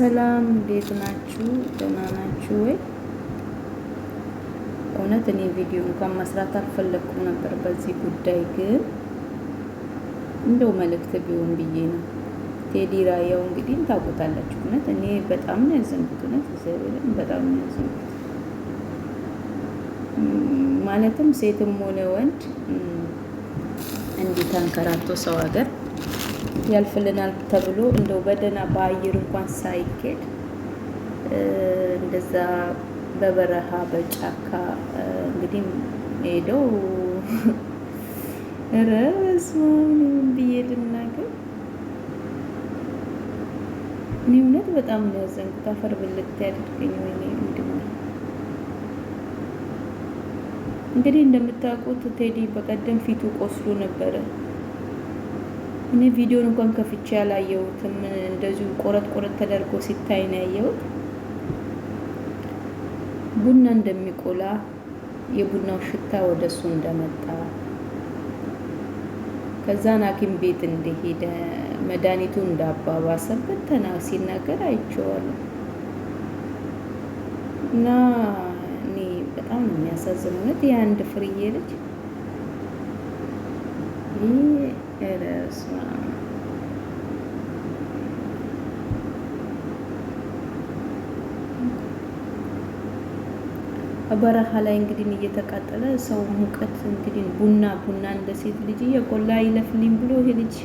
ሰላም እንዴት ናችሁ? ደህና ናችሁ ወይ? እውነት እኔ ቪዲዮ እንኳን መስራት አልፈለኩም ነበር። በዚህ ጉዳይ ግን እንደው መልእክት ቢሆን ብዬ ነው። ቴዲ ራያው እንግዲህ ታውቁታላችሁ። እውነት እኔ በጣም ነው ያዘንኩት። እውነት እግዚአብሔርን በጣም ነው ያዘንኩት። ማለትም ሴትም ሆነ ወንድ እንዲህ ተንከራቶ ሰው ሀገር ያልፍልናል ተብሎ እንደው በደህና በአየር እንኳን ሳይኬድ እንደዛ በበረሃ በጫካ እንግዲህ ሄደው ረሱን ብዬ ልናገር። እኔ እውነት በጣም ነው ያዘንኩት። አፈር ብልት ያደርገኝ ወይ ምንድነው? እንግዲህ እንደምታውቁት ቴዲ በቀደም ፊቱ ቆስሎ ነበረ። እኔ ቪዲዮን እንኳን ከፍቼ ያላየሁትም እንደዚሁ ቆረጥ ቆረጥ ተደርጎ ሲታይ ነው ያየሁት። ቡና እንደሚቆላ የቡናው ሽታ ወደ እሱ እንደመጣ ከዛን ሐኪም ቤት እንደሄደ መድኃኒቱ እንዳባባሰበት ተና ሲናገር አይቼዋለሁ እና እኔ በጣም የሚያሳዝን እውነት የአንድ ፍርዬ ልጅ It is. Um, በረሃ ላይ እንግዲህ እየተቃጠለ ሰው ሙቀት እንግዲህ ቡና ቡና እንደ ሴት ልጅ እየቆላ ይለፍልኝ ብሎ ይሄ ልጅ